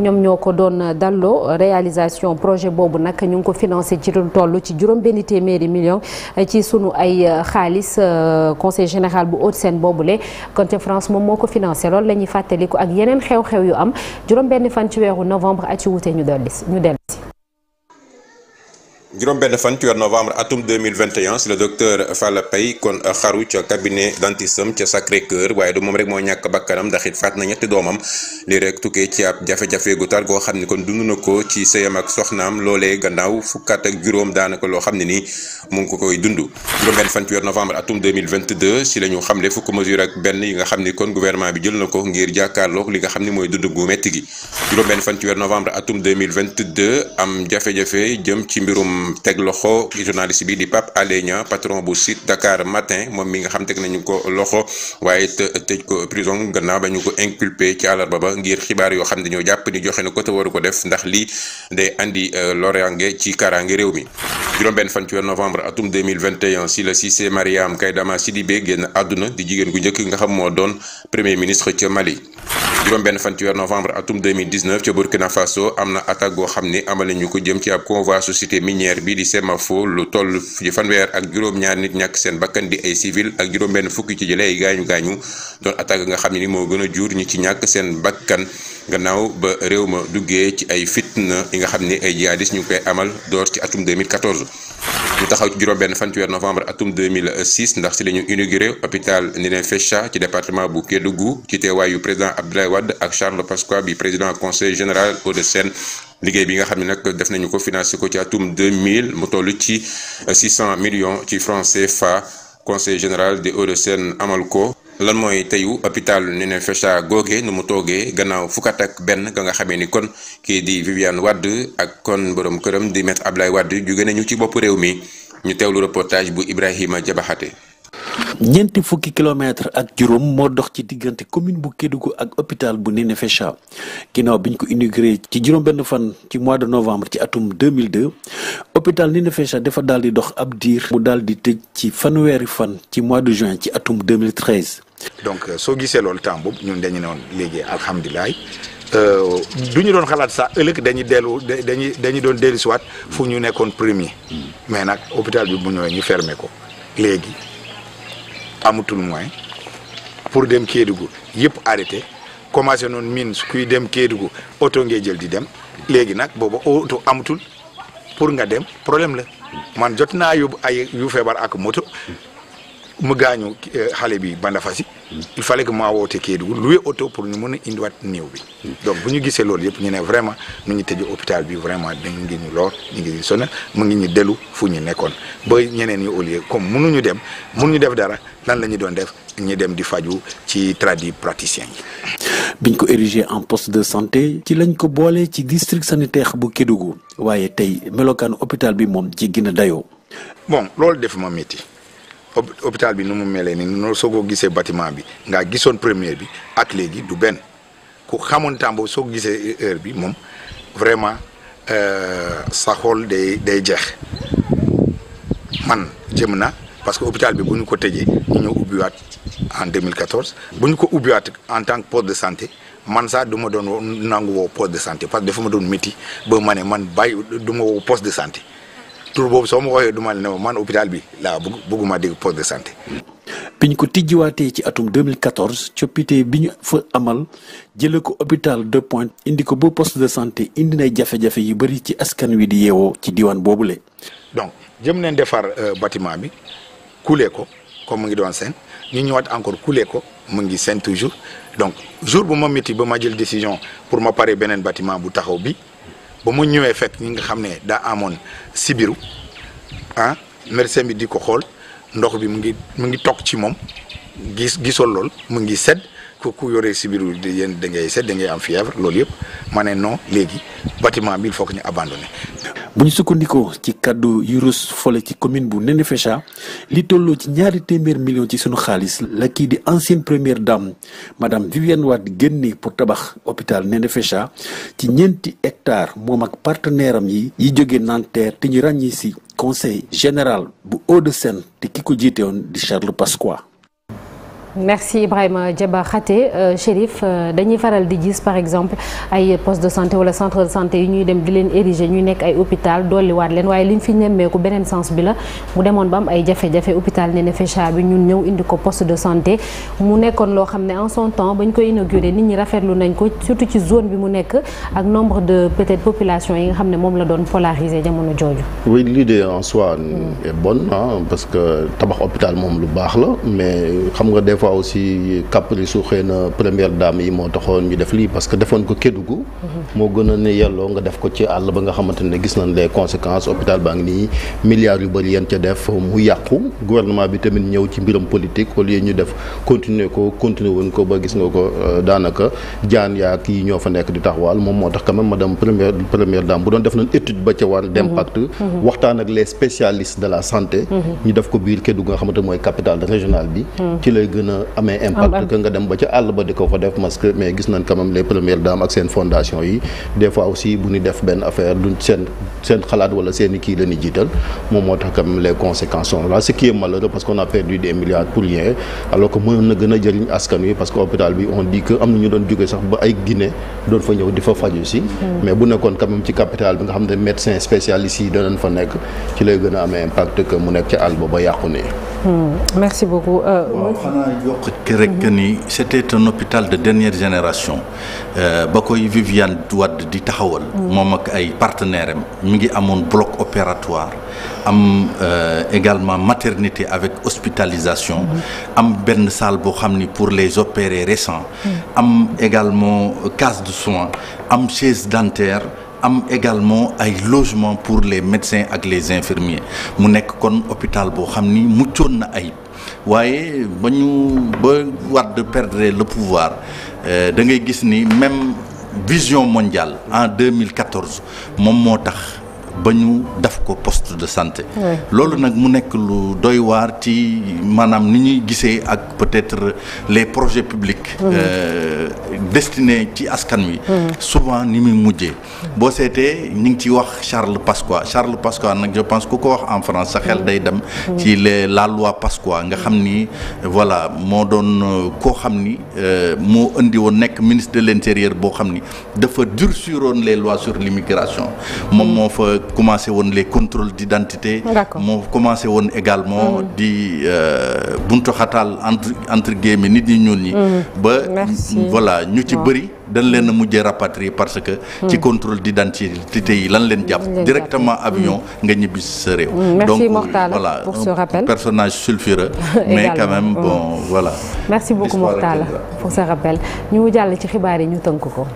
ñoom ñoo ko doon dalloo réalisation projet boobu nag ñu ngi ko financé ci lu toll ci juróom benni téeméeri million ci sunu ay xaalis euh, conseil général bu Hauts-de-Seine boobule Conte France moom moo ko financé loolu lañuy fàttaliku ak yeneen xew-xew yu am juróom benni fan ci weeru novembre ak ci wute ñu dellis ñu dellis juróom benn fan ci weer novembre atum 2021 si le docteur Falla Paye kon xaru ca cabinet dentistam ca Sacré-Cœur waaye du moom rek moo ñàkk bakkanam ndax it faat na ñetti doomam li rek tukkee ci ab jafe-jafe gu tar goo xam ne kon dund na ko ci sëyam ak soxnaam loolee gannaaw fukkaat ak juróom daanaka loo xam ne nii mu ngi ko koy dund juróom benn fan ci weer novembre atum 2022 si la ñu xamle fukk mesure ak benn yi nga xam ni kon gouvernement bi jël na ko ngir jàkkaarloog li nga xam ni mooy dund gu metti gi juróom benn fan ci weer novembre atum 2022 am jafe jëm ci mbirum teg loxo journaliste bi di Pape Alé Niang patron bu site Dakar Matin moom mi nga xam teg nañu ko loxo waaye tëj ko prison gannaaw ba ñu ko inculpé ci àllarba ba ngir xibaar yoo xam ne ñoo jàpp ni joxe na ko te waru ko def ndax lii day andi euh, loraange ci kaaraange réew mi. juróom-benn fan ci weer novembre atum 2021 si la Cissé Mariam Kaydama Sidibé génn àdduna di jigéen gu njëkk nga xam moo doon premier ministre ca Mali. juróom-benn fan ci weer novembre atum 2019 ca Burkina Faso am na attaque goo xam ni amal nañu ko jëm ci ab convoi société minière bi di Semafo lu toll ci fanweer ak juróom-ñaar nit ñàkk seen bakkan di ay civil ak juróom-benn fukki ci jëlee ay gaañu gaañu doon attaque nga xam ne ni moo gën a jur ñi ci ñàkk seen bakkan gannaaw ba réew ma duggee ci ay fitna yi nga xam ni ay jihadistes ñu ngi koy amal door ci atum 2014. ñu taxaw ci juróom-benn fan ci novembre atum 2006 ndax si la ñu inauguré hôpital Ndéné Fesca ci département bu Kédougou ci teewaayu président Abdoulaye Wade ak Charles Pasqua bi président conseil général Hauts-de-Seine liggéey bi nga xam ne nag def nañu ko financé ko ci atum 2000 mu toll ci 600 millions ci francs CFA conseil général des Hauts-de-Seine amal ko. lan mooy teyu hôpital Ninifécha googe nu mu toogee gannaaw fukkat ak benn ka nga xamee ni kon kii di Viviane wadd ak kon borom këram di maître Abdoulaye Wade jóge nañu ci bopp réew mi ñu teewlu reportage bu Ibrahima Jabaxate ñeenti fukki kilomètre ak juróom moo dox ci diggante commune bu ko ak hôpital bu Ninifécha ginnaaw biñ ko inauguré ci juróom-benn fan ci mois de novembre ci atum 2002 hôpital Ninifécha dafa daal di dox ab diir mu daal di tëj ci fanweeri fan ci mois de juin ci atum 2013 donc euh, soo gisee loolu temps boobu ñun dañu ne woon léegi alhamdulilah euh, du ñu doon xalaat sax ëllëg dañuy dellu dañuy dañu doon dellu si waat fu ñu nekkoon premier. mais nag hôpital bi mu ñëwee ñu ferme ko léegi amatul moyen pour dem Kédougou yëpp arrêté commencé noon mine su kuy dem Kédougou oto ngay jël di dem léegi nag booba oto amatul pour nga dem problème la man jot na yóbbu ay yu feebar ak moto. mu gaañu eh, xale bi Bandafassi il fallait que maa woote Kédougou loué oto pour ñu mën a indiwaat néew bi donc bu ñu gisee loolu yëpp ñu ne vraiment nu ñu tëjee hôpital bi vraiment dañ ngi ñu loor ñu ngi ñu sonal mu ngi ñu dellu fu ñu nekkoon ba ñeneen ñi au lieu comme mënuñu dem mënuñu def dara lan la ñu doon def ñu dem di faju ci tradipraticiens yi. biñ ko érigé en poste de santé ci lañ ko boole ci district sanitaire bu Kédougou waaye tey melokaanu hôpital bi moom ci gën dayoo. bon loolu def ma métti. hôpital bi nu mu melee ni noo soo ko gisee bâtiment bi nga gisoon première bi ak léegi du benn ku xamoon temps soo ko gisee euh, heure bi moom vraiment euh, sa xool day day jeex man jëm na parce que hôpital bi bu ñu ko tëjee ñu ñëw ubbiwaat en 2014 bu ñu ko ubbiwaat en tant que poste de santé man sax du ma doon nangu woo poste de santé parce que dafa ma doon métti ba ma man bàyyi du ma woo de santé tour boobu soo ma ko waxee du ma ma man hôpital bi laa bëgg bëgguma dégg poste de santé. biñ ko tijjiwaatee ci atum 2014 coppite bi ñu fa amal jëlee ko hôpital de Pointe indi ko ba poste de santé indina nay jafe-jafe yu bëri ci askan wi di yeewoo ci diwaan boobule. donc jëm nañ defar euh, bâtiment bi couler ko comme mu ngi doon seen ñu ñëwaat encore couler ko mu ngi seen toujours donc jour bu ma métti ba ma jël décision pour ma paree beneen bâtiment bu taxaw bi. ba mu ñëwee fekk ñi nga xam ne daa amoon sibiru ah médecin bi di ko xool ndox bi mu ngi mu ngi toog ci moom gis gisol lool mu ngi sedd ku ku yoree sibiru yéen da ngay sedd da ngay am fièvre loolu yëpp ma ne no léegi bâtiment bi il faut que ñu abandonné bu ñu sukkandikoo ci kàddu yu rus fole ci commune bu Nenefécha li tolloo ci ñaari téeméer million ci sunu xaalis la kii di ancienne première dame madame Viviane di génne pour tabax hôpital Nenefécha ci ñeenti hectare moom ak partenaire am yi yi jóge Nanterre te ñu ràññi si conseil général bu Hauts-de-Seine te ki ko jiite woon di Charles Pasqua merci Ibrahima Diaba Khaté euh, Chérif euh, dañuy faral di gis par exemple ay poste de santé wala centre de santé yi ñuy dem di leen ériger ñuy nekk ay hôpital dolliwaat leen waaye liñ fi nemmeeku beneen sens bi la mu demoon ba am ay jafe-jafe hôpital Néné Fesha bi ñun ñëw indi ko poste de santé mu nekkoon loo xam ne en son temps bañ koy inauguré nit ñi rafetlu nañ ko surtout ci zone bi mu nekk ak nombre de peut-être population yi nga xam ne moom la doon polarisé jamono jooju. oui l'idée en soi mm. est bonne parce que tabax hôpital moom lu baax la mais xam nga fois aussi caprice su xëy na première dame yi moo taxoon ñu def lii parce que defoon ko Kédougou moo gën a ne yelloo nga def ko ci àll ba nga xamante ne gis nañ les conséquences hôpital baa ngi nii milliards yu bëri yeen ca def mu yàqu gouvernement bi tamit ñëw ci mbiram politique au lieu ñu def continuer ko continuer woon ko ba gis nga ko euh, daanaka jaan yaa kii ñoo fa nekk di tax taxawaal moom moo tax quand ma madame première première dame bu doon def nañ étude ba ca war d'impact mm-hmm. Mm-hmm. waxtaan ak les spécialistes de la santé mm-hmm. ñu def ko biir Kédougou nga xamante mooy capitale régionale bi a amee impact que nga dem ba ca àll ba di ko fa def parce mais gis nañ quand même les premières ak seen fondation yi des aussi bu ñu def benn affaire duñ seen seen xalaat wala seen kii la jiital moom moo tax quand même les conséquences sont là ce qui est malheureux parce qu'on a perdu des milliards pour rien alors que mënoon na gën a jëriñ askan wi parce que hôpital bi on dit que am na ñu doon jóge sax ba ay Guinée doon fa ñëw di fa faju si hmm. mais bu nekkoon Hmm, merci beaucoup. Euh, waaw xanaa yokk ci rek ni c' était un hôpital de dernière génération euh, ba koy Viviane Wade di taxawal. Hmm. moom ak ay partenaires am mi ngi amoon bloc opératoire am euh, également maternité avec hospitalisation. Hmm. am benn salle boo xam ni pour les opérés récents. am également case de soins am chaise dentaire. am également ay logement pour les médecins ak les infirmiers mu nekk kon hôpital boo xam ni muccoon na ayib waaye ba ñu ba Wade perdre le pouvoir euh, da ngay gis ni même vision mondiale en 2014 moom moo tax ba ñu def ko poste de santé. loolu nag mu nekk lu doy waar ci maanaam ni ñuy gisee ak peut-être les projets publics. Mm. Euh, destinés ci askan wi. Mm. souvent ni muy mujjee. boo seetee ñu ngi ci wax Charles Pasqua Charles Pasqua nag je pense ku ko wax en France sa xel mm. day dem. ci les la loi Pasqua nga xam ni voilà moo doon euh, koo xam ni euh, moo indi woon nekk ministre de l'intérieur boo xam ni dafa durciroon les lois sur l'immigration moom moo fa. commencé woon les contrôles d'identité moo commencé woon également mm. di euh, buntu xataal entre entre guillemets nit ñi ñuul ñi mm. ba voilà ñu ci bëri dañ leen a mm. mujjee rapatrier parce que mm. ci contrôle d'identité yi lan leen jàpp directement avion nga ñibbi sa réew donc Mortal, voilà pour ce rappel personnage sulfureux mais bon voilà merci beaucoup Mortal pour ce rappel ñu jàll ci xibaar yi ñu tënk ko